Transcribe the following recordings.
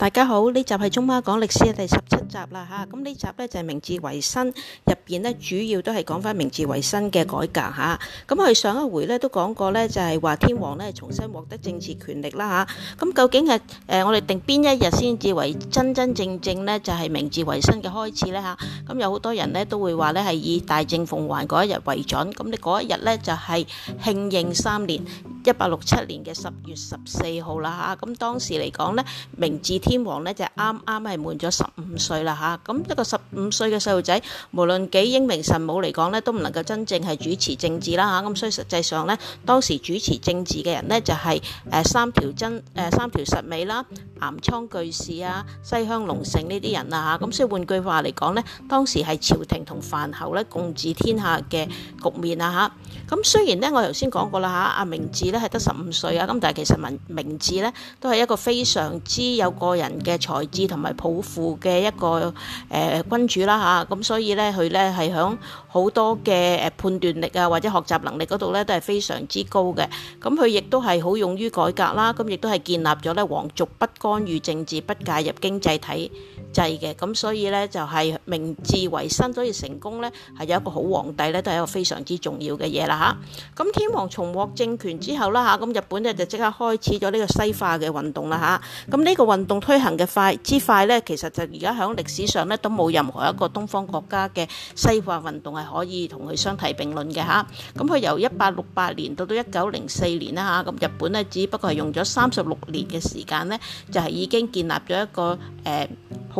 大家好，呢集係中巴講歷史嘅第十七集啦嚇，咁呢集咧就係明治維新入邊咧，主要都係講翻明治維新嘅改革嚇。咁我哋上一回咧都講過咧，就係話天皇咧重新獲得政治權力啦嚇。咁究竟係誒我哋定邊一日先至為真真正正咧就係明治維新嘅開始咧嚇？咁有好多人咧都會話咧係以大政奉還嗰一日為準，咁你嗰一日咧就係慶應三年。一八六七年嘅十月十四號啦嚇，咁當時嚟講呢，明治天皇呢就啱啱係滿咗十五歲啦嚇，咁一個十五歲嘅細路仔，無論幾英明神武嚟講呢，都唔能夠真正係主持政治啦嚇，咁所以實際上呢，當時主持政治嘅人呢，就係、是、誒三條真誒三條實美啦、岩倉具視啊、西鄉隆盛呢啲人啊嚇，咁所以換句話嚟講呢，當時係朝廷同藩侯咧共治天下嘅局面啊嚇。咁雖然咧，我頭先講過啦嚇，阿明治咧係得十五歲啊，咁但係其實明治咧都係一個非常之有個人嘅才智同埋抱負嘅一個誒、呃、君主啦嚇，咁、啊、所以咧佢咧係響好多嘅誒判斷力啊，或者學習能力嗰度咧都係非常之高嘅。咁佢亦都係好勇於改革啦，咁、啊、亦、嗯、都係建立咗咧皇族不干預政治、不介入經濟體制嘅咁所以呢，就係、是、明治維新，所以成功呢，係有一個好皇帝呢，都係一個非常之重要嘅嘢啦嚇。咁天皇重獲政權之後啦嚇，咁日本呢，就即刻開始咗呢個西化嘅運動啦嚇。咁呢個運動推行嘅快之快呢，其實就而家喺歷史上呢，都冇任何一個東方國家嘅西化運動係可以同佢相提並論嘅嚇。咁佢由一八六八年到到一九零四年啦嚇，咁日本呢，只不過係用咗三十六年嘅時間呢，就係、是、已經建立咗一個誒。呃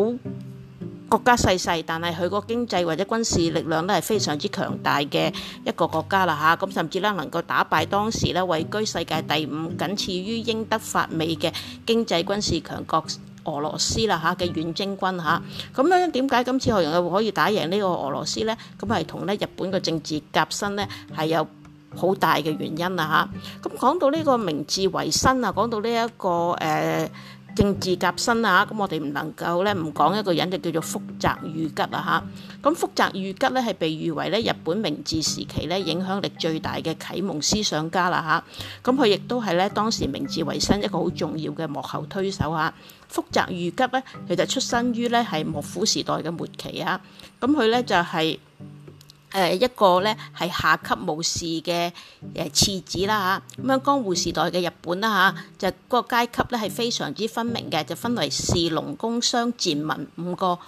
好國家細細，但係佢個經濟或者軍事力量都係非常之強大嘅一個國家啦吓，咁甚至呢，能夠打敗當時呢位居世界第五，僅次於英德法美嘅經濟軍事強國俄羅斯啦吓嘅遠征軍吓，咁樣點解今次我又可以打贏呢個俄羅斯呢？咁係同呢日本嘅政治革新呢，係有好大嘅原因啊吓，咁講到呢個明治維新啊，講到呢、這、一個誒。呃政治革新啊，咁我哋唔能夠咧唔講一個人就叫做福澤諭吉啊。吓。咁福澤諭吉咧係被譽為咧日本明治時期咧影響力最大嘅啟蒙思想家啦吓。咁佢亦都係咧當時明治維新一個好重要嘅幕後推手吓。福澤諭吉咧佢就出身於咧係幕府時代嘅末期啊，咁佢咧就係、是。誒一個咧係下級武士嘅誒次子啦嚇，咁樣江戶時代嘅日本啦嚇，就是、個階級咧係非常之分明嘅，就分為士、農、工、商、賤民五個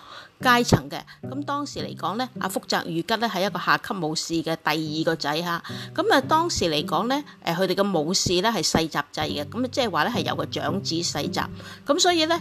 階層嘅。咁當時嚟講咧，阿福澤諭吉咧係一個下級武士嘅第二個仔。嚇。咁啊當時嚟講咧，誒佢哋嘅武士咧係世襲制嘅，咁即係話咧係有個長子世襲。咁所以咧。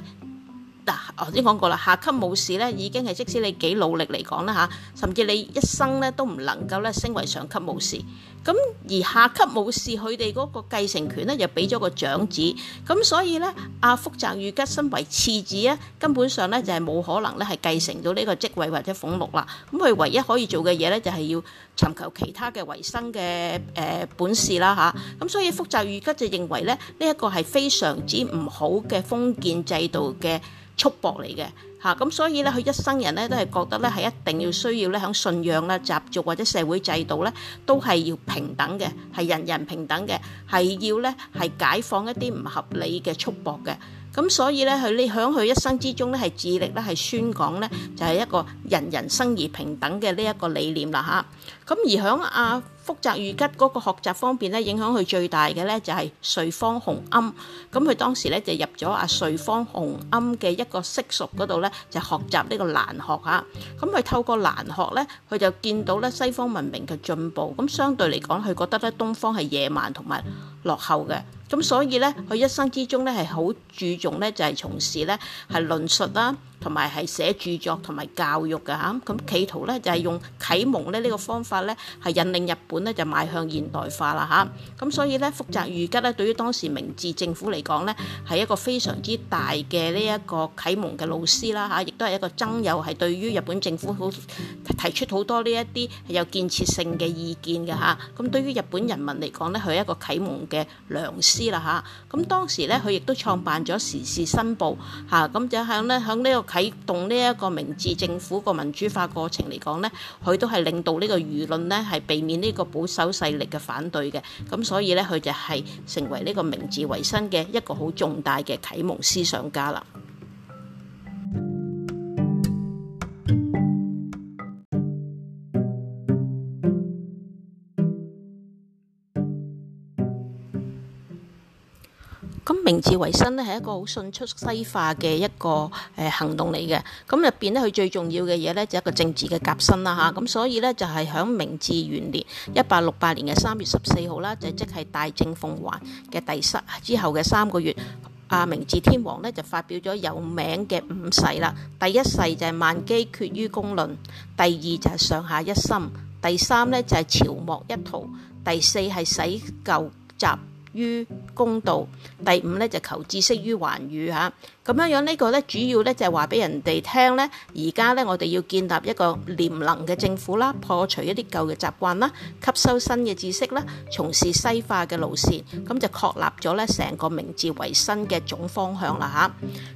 嗱、啊，頭先講過啦，下級武士咧已經係即使你幾努力嚟講啦嚇，甚至你一生咧都唔能夠咧升為上級武士。咁而下級武士佢哋嗰個繼承權咧又俾咗個長子，咁所以咧阿福澤諭吉身為次子啊，根本上咧就係、是、冇可能咧係繼承到呢個職位或者俸祿啦。咁佢唯一可以做嘅嘢咧就係、是、要尋求其他嘅維生嘅誒、呃、本事啦嚇。咁、啊、所以福澤諭吉就認為咧呢一、這個係非常之唔好嘅封建制度嘅。束縛嚟嘅嚇，咁所以咧，佢一生人咧都係覺得咧，係一定要需要咧，響信仰啦、習俗或者社會制度咧，都係要平等嘅，係人人平等嘅，係要咧係解放一啲唔合理嘅束縛嘅。咁所以咧，佢你響佢一生之中咧，係致力咧係宣講咧，就係一個人人生而平等嘅呢一個理念啦嚇。咁而響阿福澤諭吉嗰個學習方面咧，影響佢最大嘅咧就係緒方洪庵。咁佢當時咧就入咗阿緒方洪庵嘅一個適塾嗰度咧，就學習呢個蘭學嚇。咁佢透過蘭學咧，佢就見到咧西方文明嘅進步。咁相對嚟講，佢覺得咧東方係野蠻同埋落後嘅。咁所以咧，佢一生之中咧係好注重咧，就係從事咧係論述啦，同埋係寫著作同埋教育嘅吓。咁企圖咧就係用啟蒙咧呢個方法咧，係引領日本咧就邁向現代化啦吓。咁所以咧，福澤諭吉咧對於當時明治政府嚟講咧，係一個非常之大嘅呢一個啟蒙嘅老師啦吓，亦都係一個諍友，係對於日本政府好提出好多呢一啲係有建設性嘅意見嘅吓。咁對於日本人民嚟講咧，佢係一個啟蒙嘅良師。知啦吓，咁當時咧，佢亦都創辦咗《時事新報》嚇，咁就喺咧喺呢個啟動呢一個明治政府個民主化過程嚟講咧，佢都係令到呢個輿論咧係避免呢個保守勢力嘅反對嘅，咁所以咧，佢就係成為呢個明治維新嘅一個好重大嘅啟蒙思想家啦。自維新呢係一個好迅速西化嘅一個誒行動嚟嘅。咁入邊呢，佢最重要嘅嘢呢，就係一個政治嘅革新啦吓。咁所以呢，就係響明治元年一八六八年嘅三月十四號啦，就即、是、係大政奉還嘅第十之後嘅三個月，阿明治天皇呢，就發表咗有名嘅五誓啦。第一誓就係萬機決於公論，第二就係上下一心，第三呢，就係朝莫一圖，第四係洗舊習於公道，第五咧就求知識於寰宇嚇，咁樣樣呢個咧主要咧就係話俾人哋聽咧，而家咧我哋要建立一個廉能嘅政府啦，破除一啲舊嘅習慣啦，吸收新嘅知識啦，從事西化嘅路線，咁就確立咗咧成個明治維新嘅總方向啦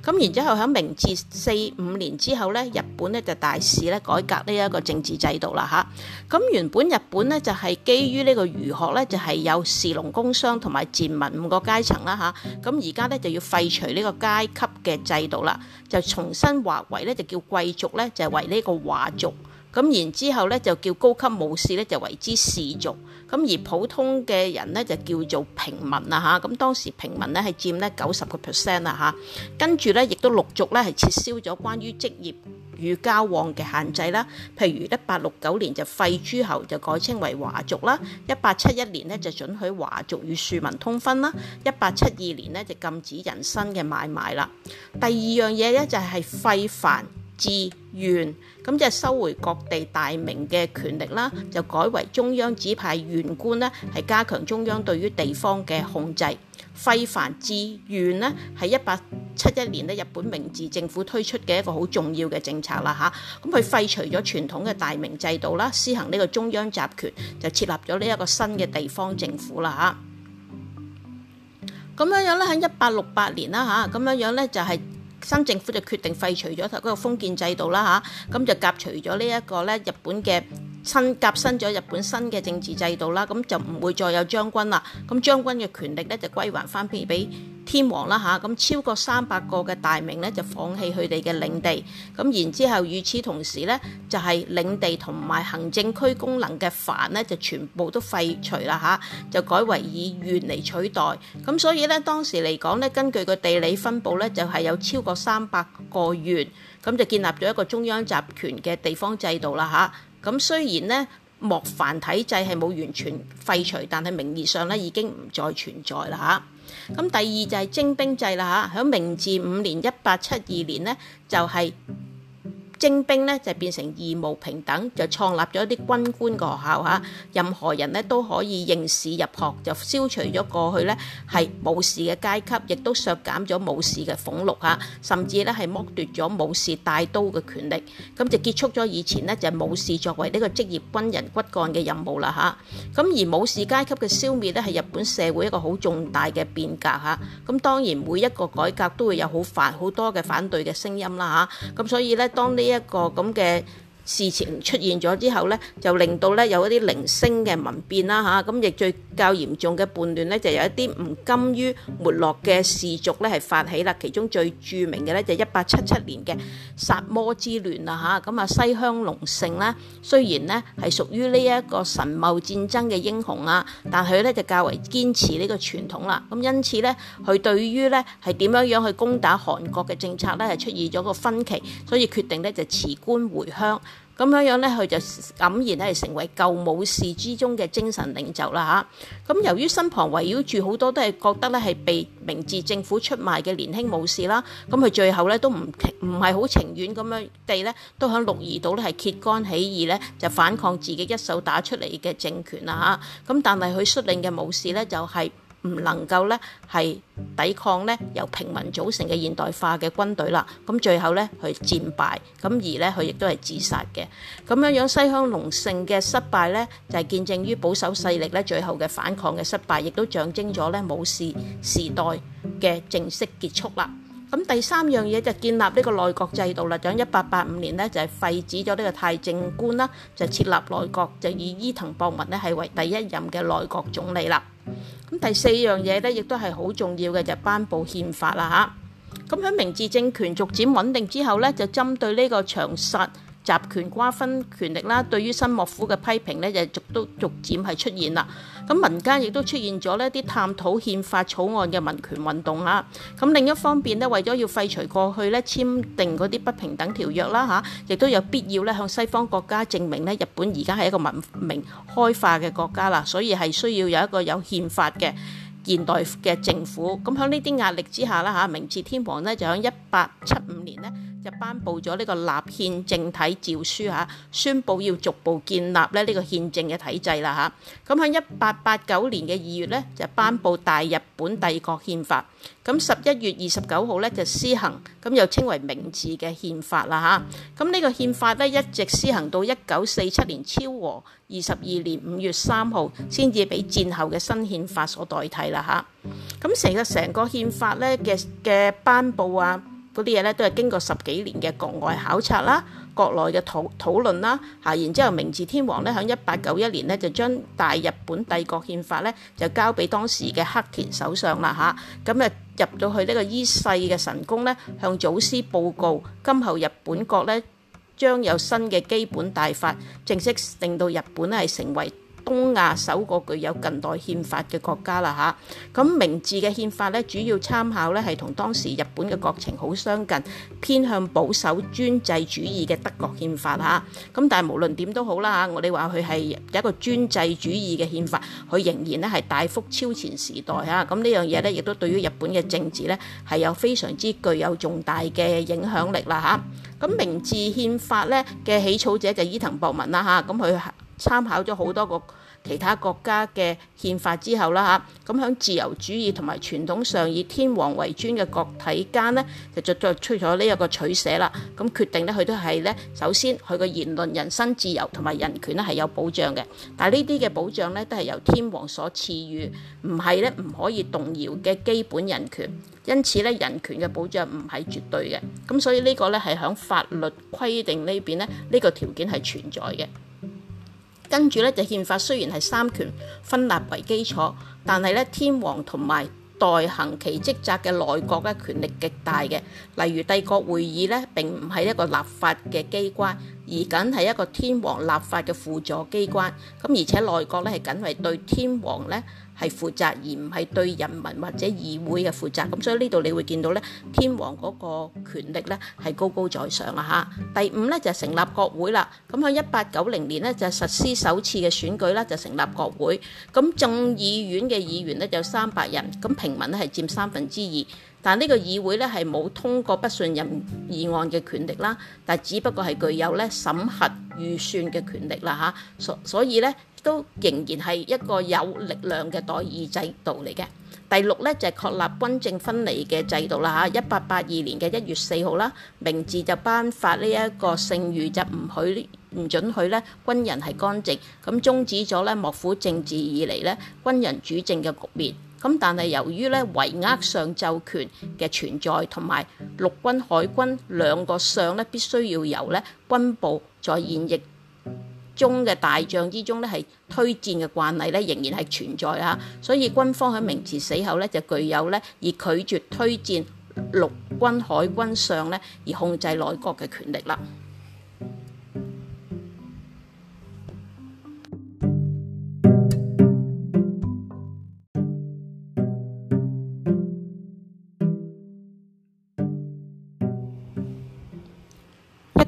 吓，咁然之後喺明治四五年之後咧，日本咧就大肆咧改革呢一個政治制度啦吓，咁原本日本咧就係基於呢個儒學咧，就係有士農工商同埋。賤民五個階層啦吓，咁而家咧就要廢除呢個階級嘅制度啦，就重新劃為咧就叫貴族咧就為呢個華族，咁然之後咧就叫高級武士咧就為之士族。咁而普通嘅人咧就叫做平民啦吓。咁當時平民咧係佔呢九十個 percent 啦吓。跟住咧亦都陸續咧係撤銷咗關於職業與交往嘅限制啦，譬如一八六九年就廢諸侯，就改稱為華族啦，一八七一年呢，就准許華族與庶民通婚啦，一八七二年呢，就禁止人身嘅買賣啦。第二樣嘢咧就係廢藩置縣咁就收回各地大名嘅權力啦，就改為中央指派縣官咧，係加強中央對於地方嘅控制。廢藩置縣呢，喺一八七一年呢，日本明治政府推出嘅一個好重要嘅政策啦吓，咁佢廢除咗傳統嘅大名制度啦，施行呢個中央集權，就設立咗呢一個新嘅地方政府啦吓，咁樣樣咧喺一八六八年啦吓，咁樣樣咧就係、是。新政府就決定廢除咗嗰個封建制度啦嚇，咁就夾除咗呢一個咧日本嘅新夾新咗日本新嘅政治制度啦，咁就唔會再有將軍啦，咁將軍嘅權力咧就歸還返畀天皇啦吓，咁超過三百個嘅大名咧就放棄佢哋嘅領地，咁然之後與此同時咧就係領地同埋行政區功能嘅藩咧就全部都廢除啦吓，就改為以縣嚟取代，咁所以咧當時嚟講咧根據個地理分布咧就係有超過三百個縣，咁就建立咗一個中央集權嘅地方制度啦吓，咁雖然咧。莫凡體制係冇完全廢除，但係名義上咧已經唔再存在啦嚇，咁第二就係徵兵制啦嚇，響明治五年一八七二年呢，就係、是。徵兵呢就變成義務平等，就創立咗一啲軍官嘅學校嚇，任何人呢都可以應試入學，就消除咗過去呢係武士嘅階級，亦都削減咗武士嘅俸祿嚇，甚至呢係剝奪咗武士帶刀嘅權力，咁就結束咗以前呢就係武士作為呢個職業軍人骨幹嘅任務啦嚇。咁而武士階級嘅消滅呢，係日本社會一個好重大嘅變革嚇。咁當然每一個改革都會有好煩好多嘅反對嘅聲音啦嚇。咁所以呢，當呢呢一個咁嘅。事情出現咗之後呢，就令到呢有一啲零星嘅民變啦吓，咁亦最較嚴重嘅叛亂呢，就有一啲唔甘於沒落嘅士族呢，係發起啦。其中最著名嘅呢，就一八七七年嘅薩摩之亂啦吓，咁啊西鄉隆盛呢，雖然呢係屬於呢一個神茂戰爭嘅英雄啊，但佢呢就較為堅持呢個傳統啦。咁因此呢，佢對於呢係點樣樣去攻打韓國嘅政策呢，係出現咗個分歧，所以決定呢就辭官回鄉。咁樣樣咧，佢就黯然，咧，係成為舊武士之中嘅精神領袖啦嚇。咁由於身旁圍繞住好多都係覺得咧，係被明治政府出賣嘅年輕武士啦，咁佢最後咧都唔唔係好情願咁樣地咧，都喺鹿兒島咧係揭竿起義咧，就反抗自己一手打出嚟嘅政權啦嚇。咁但係佢率領嘅武士咧就係、是。唔能夠咧係抵抗咧由平民組成嘅現代化嘅軍隊啦，咁最後咧去戰敗，咁而咧佢亦都係自殺嘅，咁樣樣西鄉隆盛嘅失敗咧就係見證於保守勢力咧最後嘅反抗嘅失敗，亦都象徵咗咧武士時代嘅正式結束啦。咁第三樣嘢就建立呢個內閣制度啦，響一八八五年呢，就係廢止咗呢個太政官啦，就設立內閣，就以伊藤博文呢係為第一任嘅內閣總理啦。咁第四樣嘢呢，亦都係好重要嘅，就頒布憲法啦嚇。咁喺明治政權逐漸穩定之後呢，就針對呢個長實集權瓜分權力啦，對於新幕府嘅批評呢，就逐都逐漸係出現啦。咁民間亦都出現咗呢啲探討憲法草案嘅民權運動啊。咁另一方面呢，為咗要廢除過去呢簽訂嗰啲不平等條約啦吓，亦都有必要咧向西方國家證明呢，日本而家係一個文明開化嘅國家啦，所以係需要有一個有憲法嘅現代嘅政府。咁響呢啲壓力之下啦吓，明治天皇呢就響一八七五年呢。就頒布咗呢個立憲政體詔書嚇，宣布要逐步建立咧呢個憲政嘅體制啦嚇。咁喺一八八九年嘅二月咧，就頒布大日本帝國憲法。咁十一月二十九號咧就施行，咁又稱為明治嘅憲法啦嚇。咁呢個憲法咧一直施行到一九四七年昭和二十二年五月三號先至俾戰後嘅新憲法所代替啦嚇。咁成個成個憲法咧嘅嘅頒布啊！嗰啲嘢咧都係經過十幾年嘅國外考察啦，國內嘅討討論啦，嚇，然之後明治天皇咧喺一八九一年咧就將大日本帝國憲法咧就交俾當時嘅黑田首相啦吓，咁誒入到去呢個伊勢嘅神宮咧，向祖師報告，今後日本國咧將有新嘅基本大法，正式令到日本咧係成為東亞首個具有近代憲法嘅國家啦吓，咁明治嘅憲法咧主要參考咧係同當時日本嘅國情好相近，偏向保守專制主義嘅德國憲法吓，咁但係無論點都好啦嚇，我哋話佢係一個專制主義嘅憲法，佢仍然咧係大幅超前時代吓，咁呢樣嘢咧亦都對於日本嘅政治咧係有非常之具有重大嘅影響力啦吓，咁明治憲法咧嘅起草者就伊藤博文啦吓，咁佢。參考咗好多個其他國家嘅憲法之後啦，吓，咁喺自由主義同埋傳統上以天皇為尊嘅國體間呢，就再再出咗呢一個取捨啦。咁決定呢，佢都係呢。首先佢嘅言論、人身自由同埋人權呢係有保障嘅，但係呢啲嘅保障呢都係由天皇所賜予，唔係呢唔可以動搖嘅基本人權。因此呢，人權嘅保障唔係絕對嘅。咁所以呢個呢係喺法律規定呢邊呢，呢、呢個條件係存在嘅。跟住咧就憲法雖然係三權分立為基礎，但係咧天皇同埋代行其職責嘅內閣咧，權力極大嘅。例如帝國會議咧並唔係一個立法嘅機關，而僅係一個天皇立法嘅輔助機關。咁而且內閣咧係僅係對天皇咧。係負責而唔係對人民或者議會嘅負責，咁所以呢度你會見到咧，天皇嗰個權力咧係高高在上啦嚇。第五咧就係成立國會啦，咁喺一八九零年呢，就實施首次嘅選舉啦，就成立國會。咁眾議院嘅議員呢就有三百人，咁平民呢係佔三分之二，但呢個議會咧係冇通過不信任議案嘅權力啦，但只不過係具有咧審核預算嘅權力啦嚇。所所以咧。都仍然係一個有力量嘅代議制度嚟嘅。第六咧就係確立軍政分離嘅制度啦嚇。一八八二年嘅一月四號啦，明治就頒發呢一個聖諭，就唔許唔准許咧軍人係干政，咁終止咗咧幕府政治以嚟咧軍人主政嘅局面。咁但係由於咧帷幄上奏權嘅存在，同埋陸軍、海軍兩個相咧必須要由咧軍部在現役中嘅大將之中呢，係推薦嘅慣例呢，仍然係存在啊。所以軍方喺明治死後呢，就具有呢，而拒絕推薦陸軍海軍上呢，而控制內閣嘅權力啦。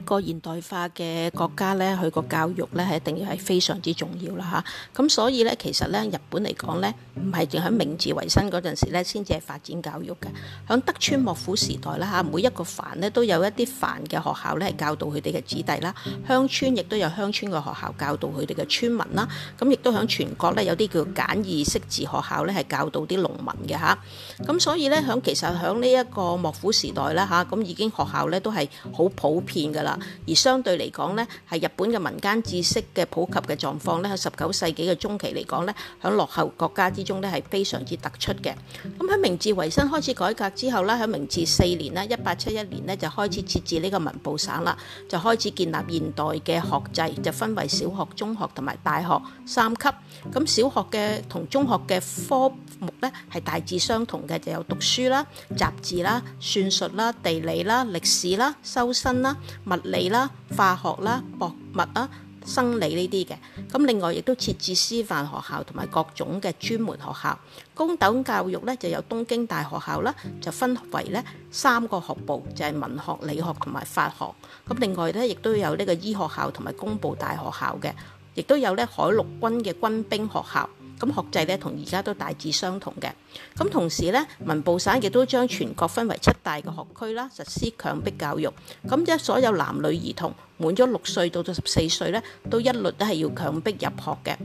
個現代化嘅國家咧，佢個教育咧係一定要係非常之重要啦嚇。咁所以咧，其實咧日本嚟講咧，唔係淨喺明治維新嗰陣時咧，先至係發展教育嘅。響德川幕府時代啦嚇，每一個藩咧都有一啲藩嘅學校咧，係教導佢哋嘅子弟啦。鄉村亦都有鄉村嘅學校教導佢哋嘅村民啦。咁亦都響全國咧有啲叫簡易識字學校咧，係教導啲農民嘅嚇。咁所以咧，響其實響呢一個幕府時代啦嚇，咁已經學校咧都係好普遍㗎啦。而相對嚟講呢，係日本嘅民間知識嘅普及嘅狀況呢，喺十九世紀嘅中期嚟講呢，喺落後國家之中呢，係非常之突出嘅。咁喺明治維新開始改革之後呢，喺明治四年咧，一八七一年呢，就開始設置呢個文部省啦，就開始建立現代嘅學制，就分為小學、中學同埋大學三級。咁小學嘅同中學嘅科目呢，係大致相同嘅，就有讀書啦、習字啦、算術啦、地理啦、歷史啦、修身啦、物理。理啦、化學啦、博物啦、生理呢啲嘅，咁另外亦都設置師範學校同埋各種嘅專門學校。高等教育呢就有東京大學校啦，就分為呢三個學部，就係、是、文學、理學同埋法學。咁另外呢，亦都有呢個醫學校同埋工部大學校嘅，亦都有呢海陸軍嘅軍兵學校。咁學制咧同而家都大致相同嘅，咁同時咧，文部省亦都將全國分為七大嘅學區啦，實施強迫教育。咁即所有男女兒童滿咗六歲到到十四歲咧，都一律都係要強迫入學嘅。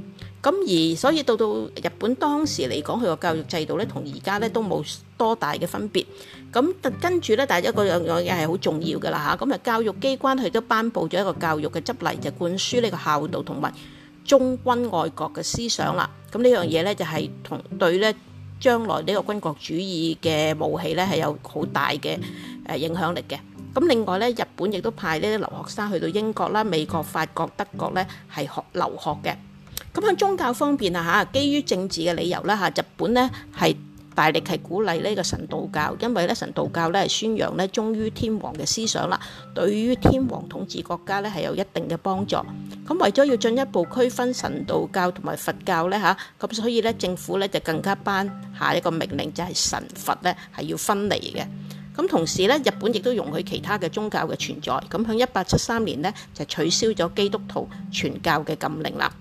咁而所以到到日本當時嚟講，佢個教育制度咧同而家咧都冇多大嘅分別。咁跟住咧，但係一個又又係好重要嘅啦嚇。咁啊，教育機關佢都頒佈咗一個教育嘅執例，就是、灌輸呢個孝道同埋。忠君愛國嘅思想啦，咁呢樣嘢咧就係同對咧將來呢個軍國主義嘅武器咧係有好大嘅誒影響力嘅。咁另外咧，日本亦都派呢啲留學生去到英國啦、美國、法國、德國咧係學留學嘅。咁喺宗教方面啊嚇，基於政治嘅理由啦嚇，日本咧係。大力係鼓勵呢個神道教，因為咧神道教咧係宣揚咧忠於天皇嘅思想啦，對於天皇統治國家咧係有一定嘅幫助。咁為咗要進一步區分神道教同埋佛教咧吓，咁所以咧政府咧就更加頒下一個命令，就係、是、神佛咧係要分離嘅。咁同時咧，日本亦都容許其他嘅宗教嘅存在。咁響一八七三年呢，就取消咗基督徒傳教嘅禁令啦。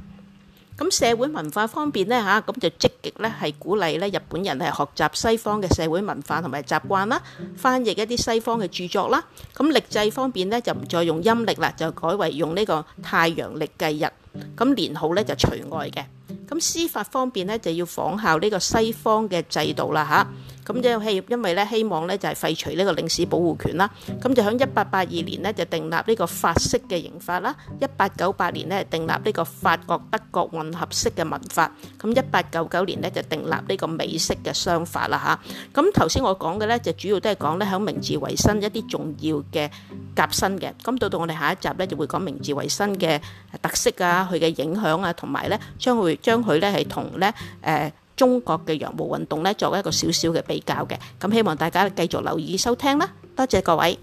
咁社會文化方面呢，嚇，咁就積極咧係鼓勵咧日本人係學習西方嘅社會文化同埋習慣啦，翻譯一啲西方嘅著作啦。咁歷制方面呢，就唔再用陰曆啦，就改為用呢個太陽曆計日。咁年號咧就除外嘅。咁司法方面呢，就要仿效呢個西方嘅制度啦嚇。咁即係因為咧，希望咧就係廢除呢個領事保護權啦。咁就喺一八八二年咧就訂立呢個法式嘅刑法啦。一八九八年咧訂立呢個法國德國混合式嘅民法。咁一八九九年咧就訂立呢個美式嘅商法啦嚇。咁頭先我講嘅咧就主要都係講咧喺明治維新一啲重要嘅革新嘅。咁到到我哋下一集咧就會講明治維新嘅特色啊、佢嘅影響啊，同埋咧將會將佢咧係同咧誒。中國嘅洋務運動呢，作為一個少少嘅比較嘅，咁希望大家繼續留意收聽啦。多謝各位。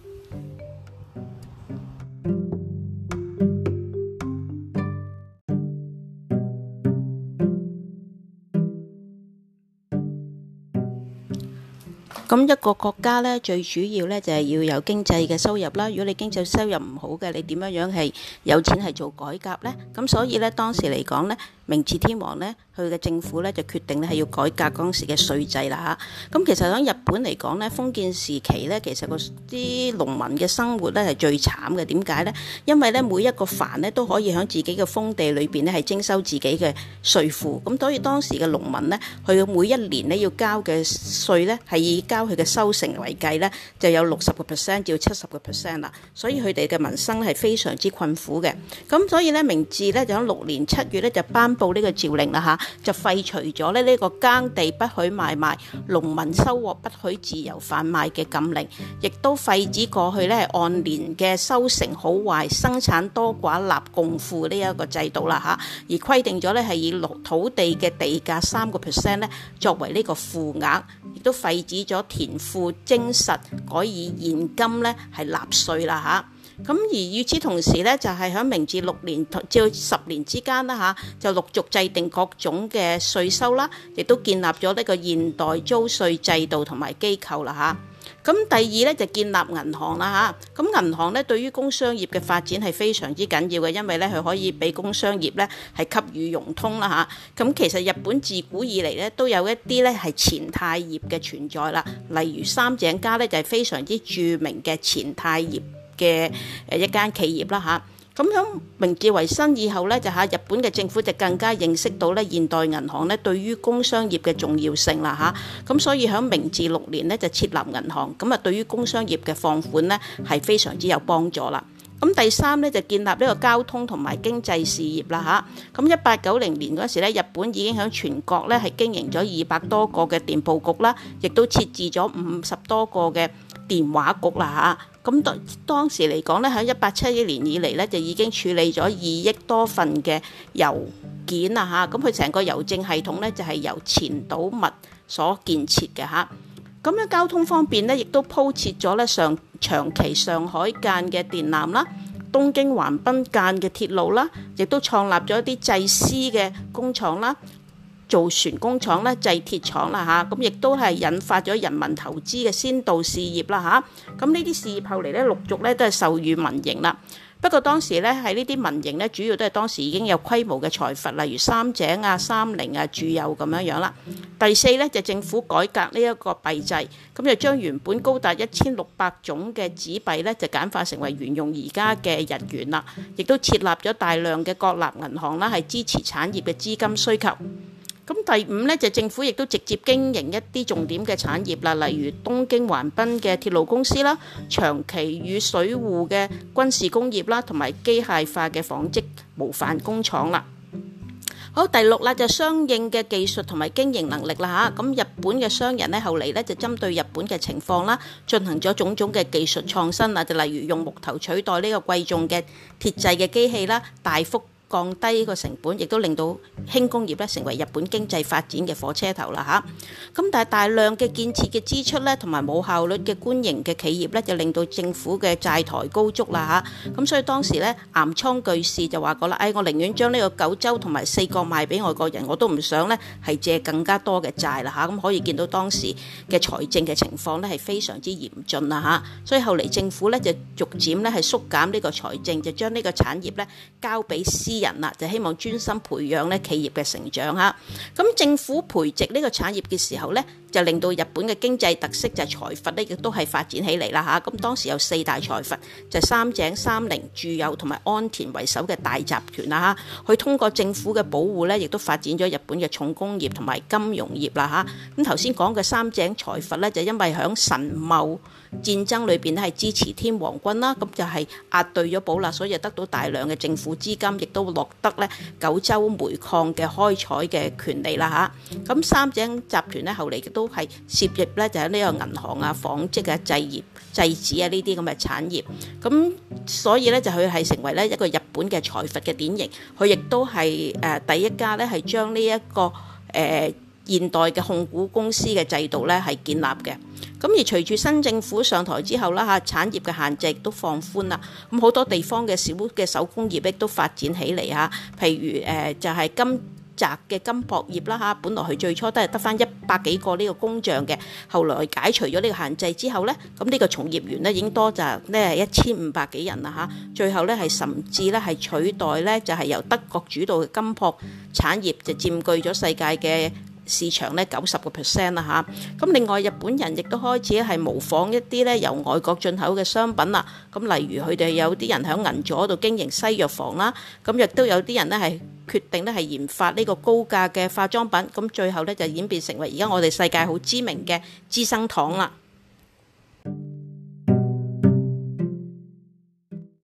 咁一個國家呢，最主要呢就係要有經濟嘅收入啦。如果你經濟收入唔好嘅，你點樣樣係有錢係做改革呢？咁所以呢，當時嚟講呢。明治天皇咧，佢嘅政府咧就決定咧係要改革嗰陣時嘅稅制啦嚇。咁其實喺日本嚟講咧，封建時期咧，其實個啲農民嘅生活咧係最慘嘅。點解咧？因為咧每一個藩咧都可以喺自己嘅封地裏邊咧係徵收自己嘅稅賦。咁所以當時嘅農民咧，佢每一年咧要交嘅稅咧係以交佢嘅收成為計咧，就有六十個 percent 至到七十個 percent 啦。所以佢哋嘅民生係非常之困苦嘅。咁所以咧明治咧就喺六年七月咧就頒。報、這、呢個詔令啦吓，就廢除咗咧呢個耕地不許買賣，賣、農民收穫不許自由販賣嘅禁令，亦都廢止過去咧係按年嘅收成好壞、生產多寡納貢賦呢一個制度啦吓，而規定咗咧係以土地嘅地價三個 percent 咧作為呢個賦額，亦都廢止咗田賦徵實，改以現金咧係納稅啦吓。咁而與此同時咧，就係、是、喺明治六年至到十年之間啦，吓就陸續制定各種嘅稅收啦，亦都建立咗呢個現代租稅制度同埋機構啦，吓咁第二咧就是、建立銀行啦，吓咁銀行咧對於工商業嘅發展係非常之緊要嘅，因為咧佢可以俾工商業咧係給予融通啦，吓咁其實日本自古以嚟咧都有一啲咧係錢貸業嘅存在啦，例如三井家咧就係非常之著名嘅錢貸業。嘅誒一間企業啦嚇，咁響明治維新以後咧就嚇日本嘅政府就更加認識到咧現代銀行咧對於工商業嘅重要性啦嚇，咁所以喺明治六年咧就設立銀行，咁啊對於工商業嘅放款咧係非常之有幫助啦。咁第三咧就建立呢個交通同埋經濟事業啦嚇，咁一八九零年嗰時咧日本已經喺全國咧係經營咗二百多個嘅電報局啦，亦都設置咗五十多個嘅電話局啦嚇。咁當當時嚟講咧，喺一八七一年以嚟咧，就已經處理咗二億多份嘅郵件啦嚇。咁佢成個郵政系統咧，就係由前島物所建設嘅嚇。咁樣交通方面咧，亦都鋪設咗咧上長期上海間嘅電纜啦，東京橫濱間嘅鐵路啦，亦都創立咗一啲製絲嘅工廠啦。造船工廠咧，製鐵廠啦嚇，咁亦都係引發咗人民投資嘅先導事業啦嚇。咁呢啲事業後嚟咧，陸續咧都係授予民營啦。不過當時咧喺呢啲民營咧，主要都係當時已經有規模嘅財閥，例如三井啊、三菱啊、住友咁樣樣啦。第四咧就政府改革呢一個幣制，咁就將原本高達一千六百種嘅紙幣咧，就簡化成為沿用而家嘅日元啦。亦都設立咗大量嘅國立銀行啦，係支持產業嘅資金需求。咁第五咧就政府亦都直接經營一啲重點嘅產業啦，例如東京橫濱嘅鐵路公司啦，長期與水戶嘅軍事工業啦，同埋機械化嘅紡織模範工廠啦。好，第六啦就相應嘅技術同埋經營能力啦嚇。咁日本嘅商人咧後嚟咧就針對日本嘅情況啦，進行咗種種嘅技術創新啦，就例如用木頭取代呢個貴重嘅鐵製嘅機器啦，大幅。降低呢個成本，亦都令到輕工業咧成為日本經濟發展嘅火車頭啦吓，咁但係大量嘅建設嘅支出咧，同埋冇效率嘅官營嘅企業咧，就令到政府嘅債台高築啦吓，咁所以當時咧，岩倉具視就話過啦，誒、哎、我寧願將呢個九州同埋四國賣俾外國人，我都唔想咧係借更加多嘅債啦吓，咁可以見到當時嘅財政嘅情況咧係非常之嚴峻啦吓，所以後嚟政府咧就逐漸咧係縮減呢個財政，就將呢個產業咧交俾私。人啦，就是、希望專心培養咧企業嘅成長吓。咁政府培植呢個產業嘅時候咧。就令到日本嘅經濟特色就係財閥咧，亦都係發展起嚟啦嚇。咁、啊、當時有四大財閥，就係、三井、三菱、住友同埋安田為首嘅大集團啦嚇。佢、啊、通過政府嘅保護咧，亦都發展咗日本嘅重工業同埋金融業啦嚇。咁頭先講嘅三井財閥咧，就因為響神茂戰爭裏邊咧係支持天皇軍啦，咁、啊、就係壓對咗寶勒，所以就得到大量嘅政府資金，亦都獲得咧九州煤礦嘅開採嘅權利啦嚇。咁、啊、三井集團咧後嚟都。都係涉入咧，就喺呢個銀行啊、紡織啊、製業、製紙啊呢啲咁嘅產業。咁所以咧，就佢係成為咧一個日本嘅財閥嘅典型。佢亦都係誒第一家咧，係將呢、這、一個誒、呃、現代嘅控股公司嘅制度咧係建立嘅。咁而隨住新政府上台之後啦吓，產業嘅限制都放寬啦。咁好多地方嘅小嘅手工業亦都發展起嚟吓。譬如誒、呃，就係、是、今。集嘅金箔業啦嚇，本來佢最初都係得返一百幾個呢個工匠嘅，後來解除咗呢個限制之後咧，咁、這、呢個從業員咧已經多咗咧一千五百幾人啦嚇，最後咧係甚至咧係取代咧就係由德國主導嘅金箔產業就佔據咗世界嘅。市場咧九十個 percent 啦嚇，咁另外日本人亦都開始係模仿一啲咧由外國進口嘅商品啦，咁例如佢哋有啲人喺銀座度經營西藥房啦，咁亦都有啲人咧係決定咧係研發呢個高價嘅化妝品，咁最後呢，就演變成為而家我哋世界好知名嘅資生堂啦。